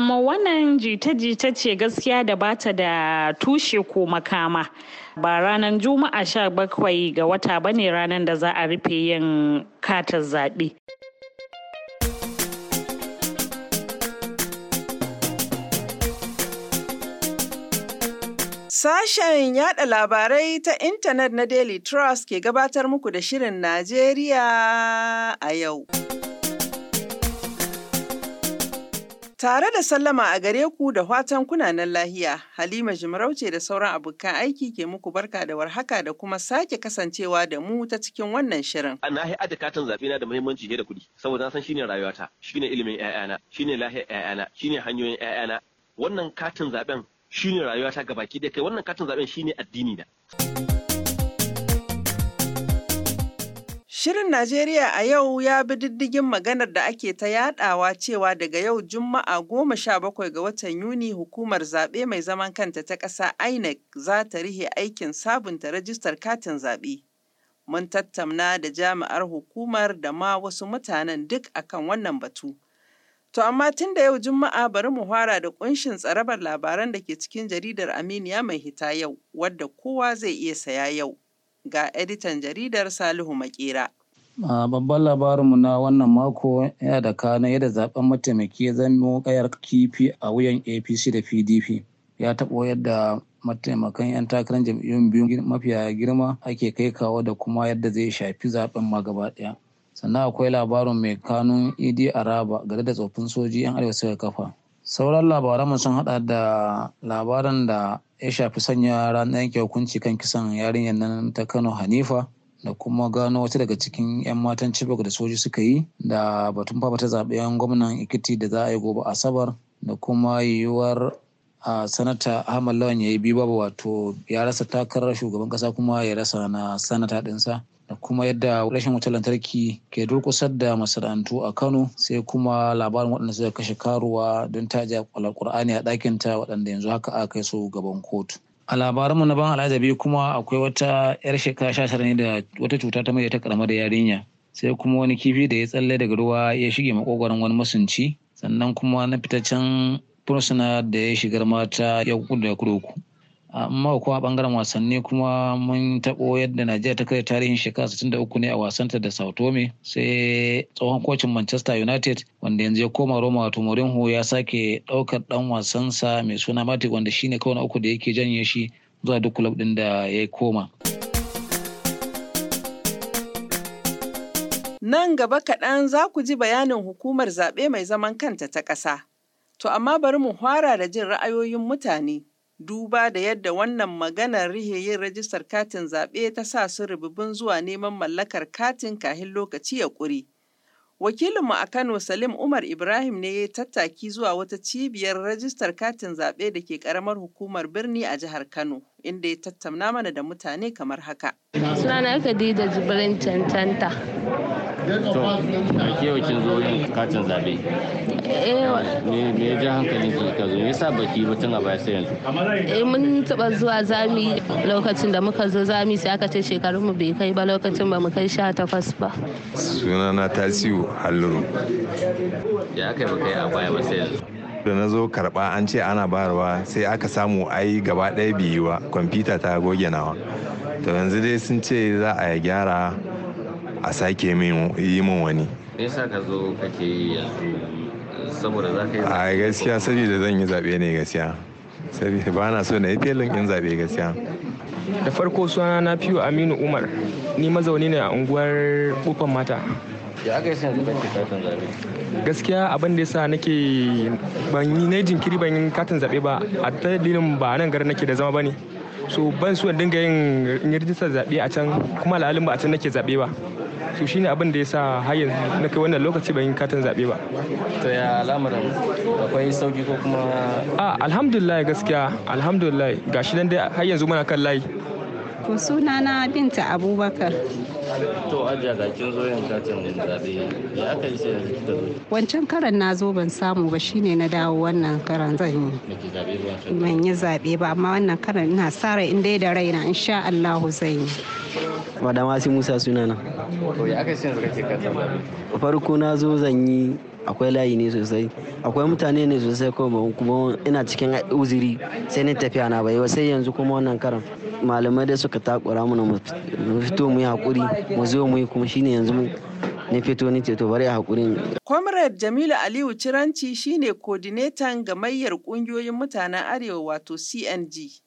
amma wannan jita-jita ce gaskiya da ba ta da tushe ko makama ba ranar juma'a sha bakwai ga wata ba ne ranar da za a rufe yin katar zaɓe. Sashen yada labarai ta intanet na Daily Trust ke gabatar muku da Shirin Najeriya a yau. Tare da sallama a gare ku da watan kunanan lahiya, Halima Jimarauce da sauran abokan aiki ke muku barka da warhaka da kuma sake kasancewa da mu ta cikin wannan shirin. A nahi ada katin zaɓe na da muhimmanci da kuɗi, saboda na san shine rayuwata, shine ilimin ƴaƴana, shine lahiyar ƴaƴana, shine hanyoyin ƴaƴana. Wannan katin zaɓen shine rayuwata gabaki ɗaya kai wannan katin zaɓen shine addini na. Shirin Najeriya a yau ya bi diddigin maganar da ake ta yadawa cewa daga yau Juma'a goma sha bakwai ga watan Yuni hukumar zaɓe mai zaman kanta ta ƙasa INEC za ta rihe aikin sabunta rajistar katin zaɓe. Mun tattauna da jami'ar hukumar da ma wasu mutanen duk akan wannan batu. To amma tun da yau Juma'a bari mu fara da ƙunshin tsarabar labaran da ke cikin jaridar Aminiya mai hita yau, wadda kowa zai iya saya yau. ga editan jaridar Salihu Makera. a babban labarinmu na wannan mako yana da kana yadda zaben mataimaki ya zama kayar kifi a wuyan apc da pdp ya taɓo yadda mataimakan 'yan takarar jam'iyyun biyu mafiya girma ake kai kawo da kuma yadda zai shafi zaben ma gaba ɗaya sannan akwai labarin mai kanun idi araba gare da tsoffin soji 'yan arewa suka kafa sauran labaranmu sun hada da labaran da ya shafi sanya ranar yanke hukunci kan kisan yarinyar nan ta kano hanifa da kuma gano wata daga cikin 'yan matan cibok da soji suka yi da batun zaɓe zaɓen gwamnan ikiti da za a yi gobe asabar da kuma yiwuwar a sanata ahmad lawan ya yi biyu babu wato ya rasa takarar shugaban kasa kuma ya rasa na sanata ɗinsa da kuma yadda rashin wutar lantarki ke durkusar da masana'antu a kano sai kuma labarin waɗanda suka kashe karuwa don ta ji alkur'ani a ta waɗanda yanzu haka aka kai su gaban kotu a labaranmu na ban al'ajabi kuma akwai wata 'yar shekara sha ne da wata cuta ta mai ta da yarinya sai kuma wani kifi da ya tsalle daga ruwa ya shige makogwaron wani masunci sannan kuma na fitaccen fursuna da ya shigar mata ya kudu da kuroku amma kuma bangaren wasanni kuma mun taɓo yadda najeriya ta kai tarihin shekara 63 ne a wasanta da sao tome sai tsohon kocin manchester united wanda yanzu ya koma roma wato mourinho ya sake ɗaukar ɗan wasansa mai suna mati wanda shine kawai na uku da yake janye shi zuwa duk kulob din da ya koma Nan gaba kaɗan za ku ji bayanin hukumar zaɓe mai zaman kanta ta ƙasa. To amma bari mu hwara da jin ra'ayoyin mutane. duba da yadda wannan maganar rihe yin rajistar katin zaɓe ta sa su rububin zuwa neman mallakar katin kahin lokaci ya ƙuri, Wakilinmu a Kano Salim Umar Ibrahim ne ya tattaki zuwa wata cibiyar rajistar katin zaɓe da ke ƙaramar hukumar birni a jihar Kano, inda ya tattauna mana da mutane kamar haka. Sunana Khadija Jibrin Cancanta. to a kewa kin zo yin katin zabe eh, me ya ja hankalin ki ka zo me yasa baki ba tun a baya sai yanzu eh mun taba zuwa zami lokacin da muka zo zami sai aka ce shekarun mu bai kai ba lokacin ba mu kai sha takwas ba Suna na tasiu halluru ya aka yi ba kai a baya ba sai yanzu da na zo karba an ce ana bayarwa sai aka samu ai gaba ɗaya biyu ba kwamfuta ta goge nawa to yanzu dai sun ce za a gyara a sake yi min wani yasa ka zo kake yi yanzu saboda za ka yi a gaskiya saboda zan yi zaɓe ne gaskiya saboda ba na so na yi felin in zaɓe gaskiya da farko suna na fiyo aminu umar ni mazauni ne a unguwar kofar mata ya aka yi sa da ke katon zaɓe gaskiya abin da yasa nake ban yi na jinkiri ban yi katin zaɓe ba a ta dalilin ba nan gari nake da zama ba ne so ban so dinga yin rijistar zaɓe a can kuma alhalin ba a can nake zaɓe ba su shine abin da ya sa har yanzu na kai wannan lokaci ban yi katin zaɓe ba to ya alamar akwai sauki ko kuma a ah, alhamdulillah gaskiya alhamdulillah gashi nan dai har yanzu muna kan layi To na Binta Abubakar. To ajiya ga kin zo yin katin zabe ya aka yi sai da kika zo. Wancan karan na zo ban samu ba shine na dawo wannan karan zan yi. Ban yi zabe ba amma wannan karan ina sare in dai da raina insha Allah zan yi. Madama Musa sunana. To ya aka yi sai da kake katin Farko na zo zan yi akwai layi ne sosai akwai mutane ne sosai kuma ina cikin uziri sai ni tafiya na bai sai yanzu kuma wannan karan malamai da suka takura mana mu fito mu yi hakuri mu zo mu yi kuma shine yanzu fito ni ce bari a hakuri Comrade Jamilu Aliyu Ciranci shine coordinator gamayyar kungiyoyin mutanen Arewa wato CNG.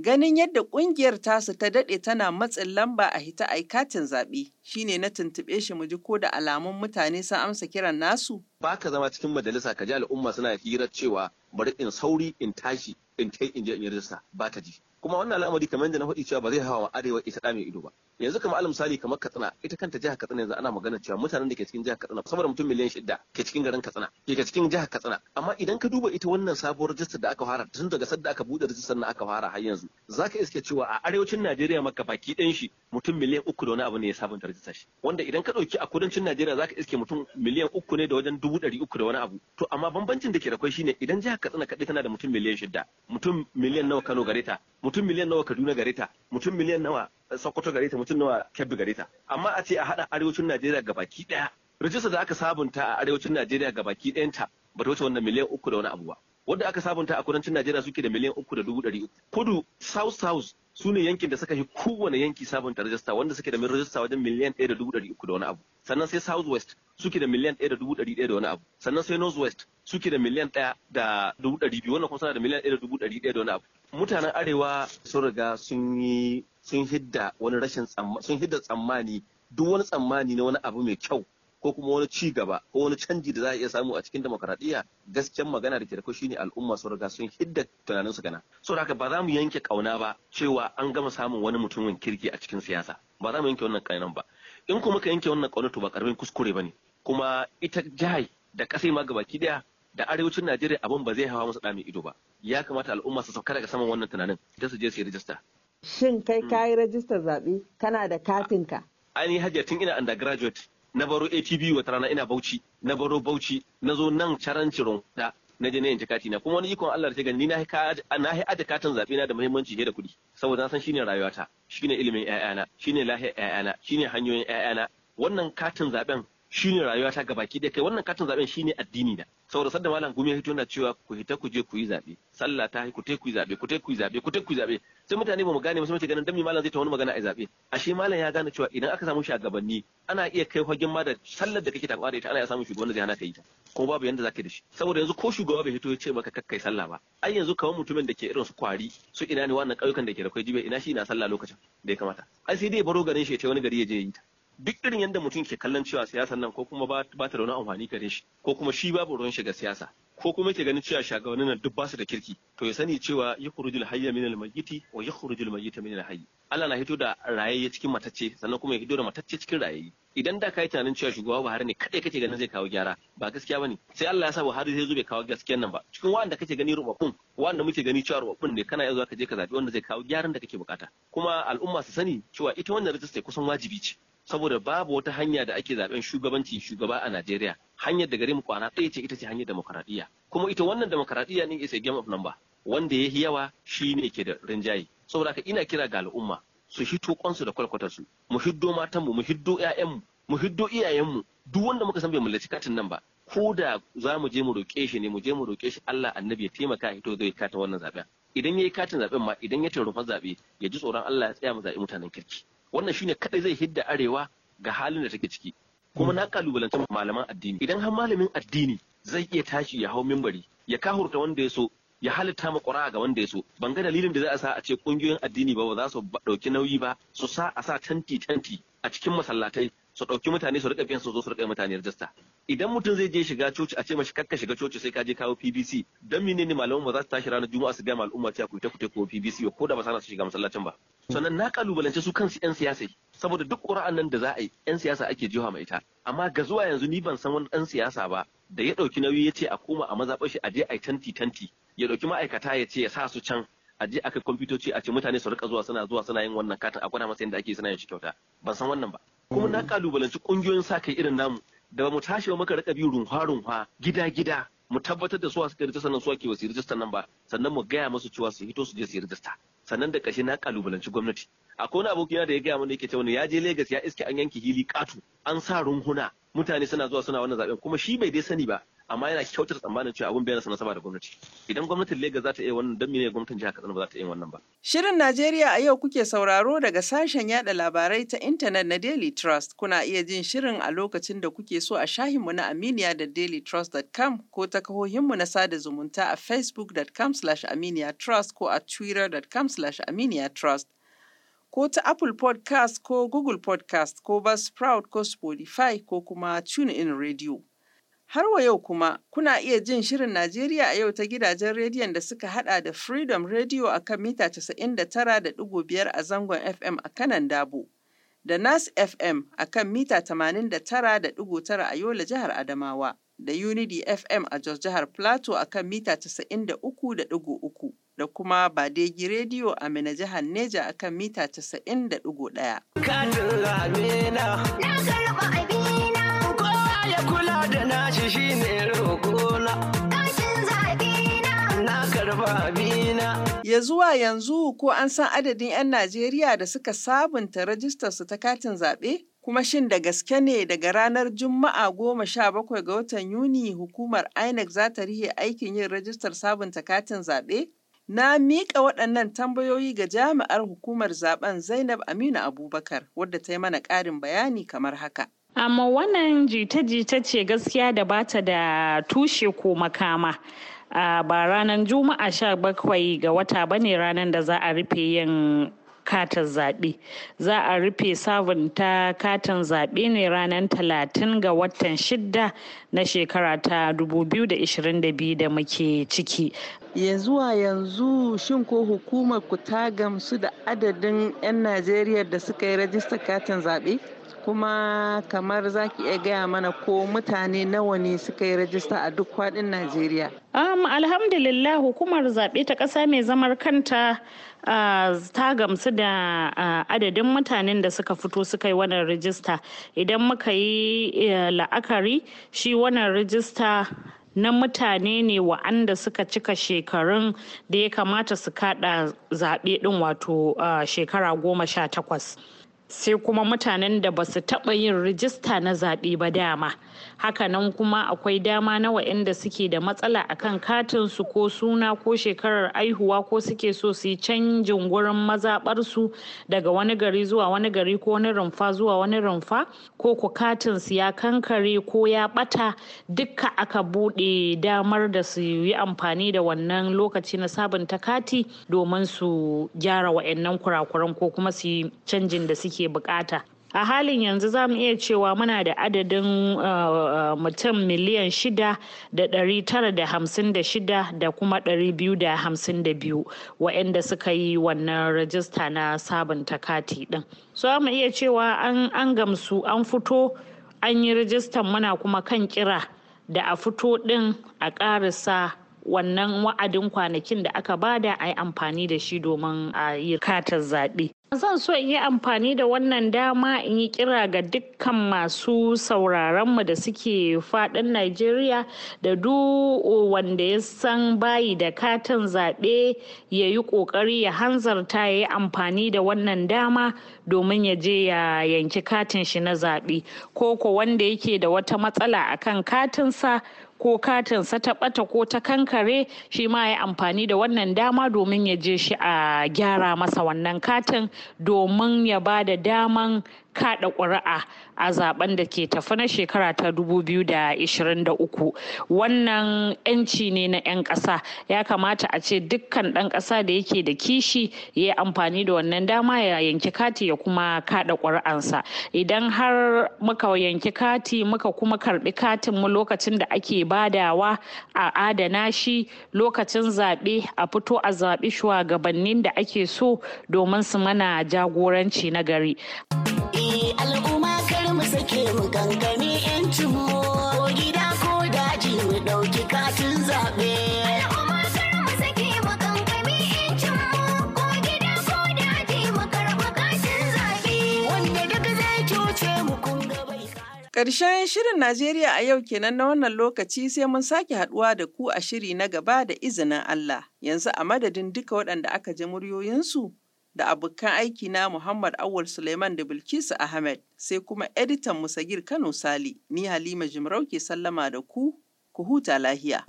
Ganin yadda ƙungiyar tasu ta daɗe tana matsin lamba a hita yi katin zaɓe shine na tuntuɓe shi mu ji ko da alamun mutane sun amsa kiran nasu. Ba ka zama cikin majalisa ka ji al'umma suna hirar cewa bari in sauri in tashi in kai in je in yi rajista ba ka ji. kuma wannan al'amari kamar yadda na faɗi cewa ba zai hawa arewa ita da mai ido ba yanzu kamar alal misali kamar Katsina ita kanta jihar Katsina yanzu ana magana cewa mutanen da ke cikin jihar Katsina saboda mutum miliyan shida ke cikin garin Katsina ke cikin jihar Katsina amma idan ka duba ita wannan sabuwar rajistar da aka fara tun daga sadda aka buɗe rajistar na aka fara har yanzu zaka iske cewa a arewacin Najeriya maka baki ɗan shi mutum miliyan uku da wani abu ne ya sabunta rajistar shi wanda idan ka ɗauki a kudancin Najeriya zaka iske mutum miliyan uku ne da wajen dubu ɗari uku da wani abu to amma bambancin da ke da kwai shine idan jihar Katsina kaɗai tana da mutum miliyan shida mutum miliyan nawa Kano gare ta mutum miliyan nawa Kaduna gare ta mutum miliyan nawa eh, Sokoto gare ta mutum nawa Kebbi gare ta amma a ce a hada arewacin Najeriya gabaki daya rijista da aka sabunta a arewacin Najeriya gabaki ta ba ta wuce wannan miliyan uku da wani abu ba wanda aka sabunta a kudancin Najeriya suke da miliyan uku da dubu ɗari uku kudu south south su ne yankin da suka yi kowane yanki sabunta rajista wanda suke da rajista wajen miliyan ɗaya da dubu ɗari uku da wani abu sannan sai south west suke da miliyan ɗaya da dubu ɗari ɗaya da wani abu sannan sai north west suke da miliyan ɗaya da dubu ɗari biyu wannan kuma suna da miliyan ɗaya da dubu ɗari ɗaya da wani abu mutanen arewa sun riga sun yi sun hidda wani rashin sun hidda tsammani duk wani tsammani na wani abu mai kyau ko kuma wani ci gaba ko wani canji da za a iya samu a cikin demokradiyya gasken magana da ke da shine al'umma sun riga sun hidda tunanin su gana so haka ba za mu yanke kauna ba cewa an gama samun wani mutumin kirki a cikin siyasa ba za mu yanke wannan kaunan ba in kuma ka yanke wannan kauna to ba karamin kuskure bane kuma ita jihar da kasai ma gabaki daya da arewacin Najeriya abin ba zai hawa masa ɗa ido ba ya kamata al'umma su sauka daga saman wannan tunanin ita su je su yi rijista. Shin kai hmm. ka yi rajista zaɓe kana da katinka? Ani hajiya tun ina undergraduate na baro ATB wata rana ina Bauchi na baro Bauchi na zo nan ciron da na je na yanci kati na kuma wani ikon Allah ta gani na yi aje katin zaɓe na da muhimmanci da kuɗi saboda na san shine rayuwata shine ilimin yayana shine lahiyar yayana shine hanyoyin yayana wannan katin zaɓen shine rayuwa ta gabaki da kai wannan katin zaben shine addini da saboda sadda malam gumi ya hito na cewa ku hita ku je ku yi zabe sallah ta ku te ku yi zabe ku te ku yi zabe ku te ku yi zabe sai mutane ba mu gane musu ganin dami malam zai ta wani magana a zabe ashe malam ya gane cewa idan aka samu shugabanni ana iya kai fagen ma da sallar da kake takwa da ita ana iya samun shugaban da zai hana ka yi ta ko babu yanda zaka da shi saboda yanzu ko shugaba bai hito ya ce maka kakkai sallah ba ai yanzu kawai mutumin da ke irin su kwari su ina ne wannan kauyukan da ke da kwai jibe ina shi ina sallah lokacin da ya kamata ai sai dai baro garin shi ya ce wani gari ya je yi ta duk irin yadda mutum ke kallon cewa siyasan nan ko kuma ba ta da wani amfani gare shi ko kuma shi babu ruwan shiga siyasa ko kuma ke ganin cewa shagabannin nan duk basu da kirki to ya sani cewa kurujil hayya minal mayyiti wa kurujil mayyita minal hayy Allah na hito da rayayye cikin matacce sannan kuma ya hito da matacce cikin rayayye idan da kai tunanin cewa shugaba Buhari ne kadai kake ganin zai kawo gyara ba gaskiya bane sai Allah ya sa Buhari zai zo bai kawo gaskiya nan ba cikin wanda kake gani rubakun wanda muke gani cewa rubakun ne kana yanzu ka je ka zabi wanda zai kawo gyaran da kake bukata kuma al'umma su sani cewa ita wannan rijista kusan wajibi ce saboda babu wata hanya da ake zaben shugabanci shugaba a Najeriya hanyar da gare mu kwana ɗaya ce ita ce hanyar demokaradiyya kuma ita wannan demokaradiyya ne is a game of number wanda ya yi yawa shi ne ke da rinjaye saboda ka ina kira ga al'umma su hito kwansu da kwalkwatarsu mu hiddo matanmu mu hiddo 'ya'yanmu mu hiddo iyayenmu duk wanda muka san bai mallaci katin nan ba ko da za mu je mu roƙe shi ne mu je mu roƙe shi Allah annabi ya taimaka hito zai kata wannan zaben idan ya katin zaben ma idan ya tarufa zaɓe ya ji tsoron Allah ya tsaya mu zabi mutanen kirki wannan shine kadai zai hidda arewa ga halin da take ciki kuma na kalubalanci malaman addini idan har malamin addini zai iya tashi ya hau mimbari ya kahurta wanda ya so ya halitta ma ƙura ga wanda ya so ban ga dalilin da za a sa a ce ƙungiyoyin addini ba ba za su ɗauki nauyi ba su sa a sa tanti tanti a cikin masallatai su ɗauki mutane su riƙa biyan su zo su riƙa mutane rajista idan mutum zai je shiga coci a ce mashi kakka shiga coci sai ka je kawo PBC dan menene malaman ba za su tashi ranar Juma'a su ma al'umma cewa ku ta ku ta ko PBC ko da ba sana su shiga masallacin ba sannan na kalubalance su kansu yan siyasa saboda duk ƙura'an nan da za a yi yan siyasa ake jiwa mai ita amma ga zuwa yanzu ni ban san wani ɗan siyasa ba da ya ɗauki nauyi ya ce a koma a maza shi a je a yi tanti tanti ya ɗauki ma'aikata ya ce ya sa su can a je aka kwamfutoci a ce mutane su rika zuwa suna zuwa suna yin wannan katin a gwada masa yadda ake suna yin shi kyauta ban san wannan ba kuma na kalubalanci kungiyoyin sa kai irin namu da ba mu tashi ba muka rika bi runhwa-runhwa, gida gida mu tabbatar da suwa suka rijista nan suwa ke wasu rijista nan ba sannan mu gaya musu cewa su hito su je su rijista sannan da ƙarshe na kalubalanci gwamnati akwai wani abokina da ya gaya mana yake cewa ya je Legas ya iske an yanke hili katu an sa runhuna mutane suna zuwa suna wannan zaben kuma shi bai dai sani ba amma yana kyautata tsammanin cewa abun bai rasa nasaba da gwamnati idan gwamnatin Legas za ta iya wannan don mene gwamnatin jihar Katsina ba za ta iya wannan ba Shirin Najeriya a yau kuke sauraro daga sashen yada labarai ta intanet na Daily Trust kuna iya jin shirin a lokacin da kuke so a shahinmu na Aminiya da dailytrust.com ko ta kahohinmu na sada zumunta a facebookcom trust ko a twittercom trust ko ta Apple podcast ko Google podcast ko Buzzsprout ko Spotify ko kuma TuneIn Radio. Har wa yau kuma kuna iya jin Shirin Najeriya a yau ta gidajen rediyon da suka hada da Freedom Radio a kan mita 99.5 a zangon FM a kanan Dabo, da Nas FM a kan mita 89.9 a Yola jihar Adamawa, da Unity FM a Jos jihar Plateau a kan mita 93.3, da kuma Badegi Radio a Mina jihar Neja a kan mita 91. abina. Ya zuwa yanzu ko an san adadin 'yan Najeriya da suka sabunta rajistar su ta katin zaɓe? Kuma shin da gaske ne daga ranar Juma'a goma sha bakwai ga watan Yuni hukumar INEC za ta rihe aikin yin rajistar sabunta katin zaɓe? Na miƙa waɗannan tambayoyi ga jami'ar hukumar zaben Zainab Aminu Abubakar wadda ta yi mana ƙarin bayani kamar haka. Amma wannan jita-jita ce gaskiya da bata da tushe ko makama. a ba ranar juma'a sha bakwai ga wata ba ne ranar da za a rufe yin katin zaɓe za a rufe sabunta katin zaɓe ne ranar talatin ga watan shidda na shekara ta 2022 da muke ciki ya zuwa yanzu shin ko hukumar ku ta gamsu da adadin 'yan najeriya da suka yi rajistar katin zaɓe kuma kamar za ki iya gaya mana ko mutane nawa ne suka yi rajista a duk faɗin najeriya um, alhamdulillah hukumar zaɓe ta ƙasa mai zamar kanta Uh, ta gamsu da uh, adadin mutanen da suka fito suka yi wannan rajista idan muka yi eh, la'akari shi wannan rajista. na mutane ne wa'anda suka cika shekarun da ya kamata su kada zaɓe ɗin wato ah, shekara goma sha takwas. sai kuma mutanen da ba su taɓa yin rijista na zaɓe ba dama hakanan kuma akwai dama na waɗanda suke da matsala akan katin su ko suna ko shekarar aihuwa ko suke so su yi canjin gurin mazaɓarsu daga wani gari zuwa wani gari ko wani rumfa zuwa wani rumfa ko ku katin su ya kankare ko ya ɓata dukka aka buɗe damar da su yi amfani da wannan lokaci na sabunta kati domin su gyara waɗannan kurakuran ko kuma su yi canjin da suke ke bukata a halin yanzu za mu iya cewa muna da adadin uh, uh, mutum miliyan shida da ɗari tara da hamsin da shida da kuma ɗari biyu da hamsin da biyu waɗanda suka yi wannan rajista na sabunta kati ɗin so za mu iya cewa an gamsu an fito an yi rajistan muna kuma kan kira da a fito ɗin a ƙarisa wannan wa'adin kwanakin da aka bada a yi amfani da shi domin a yi katar zaɓe Zan so in yi amfani da wannan dama in yi kira ga dukkan masu sauraronmu da suke faɗin Najeriya da duk wanda ya san bayi da katin zaɓe ya yi ƙoƙari ya hanzarta ya yi amfani da wannan dama domin ya je ya yanki katin shi na zaɓe ko ko wanda yake da wata matsala akan katinsa ko katinsa ta ɓata ko ta kankare shi ma ya amfani da wannan dama domin ya je shi a gyara masa wannan katin domin ya ba da daman kada ƙuri'a a zaben da ke tafi na shekara ta 2023 wannan 'yanci ne na 'yan ƙasa ya kamata a ce dukkan ɗan ƙasa da yake da kishi ya yi amfani da wannan dama ya yanki kati ya kuma kada ƙuri'ansa idan har muka yanki kati muka kuma karɓi katin mu lokacin da ake badawa a adana shi lokacin zaɓe a fito a zaɓi shugabannin da ake so domin su mana jagoranci na gari. sake mu gangami yancin mu ko gida ko daji mu ɗauki katin zaɓe. Ƙarshen shirin Najeriya a yau kenan na wannan lokaci sai mun sake haɗuwa da ku a shiri na gaba da izinin Allah. Yanzu a madadin duka waɗanda aka ji muryoyinsu da abokan aikina Muhammad Awul Suleiman da Bilkisu Ahmed sai kuma editan Musagir Kano Sali ni Halima Jimarau ke sallama da ku ku huta lahiya.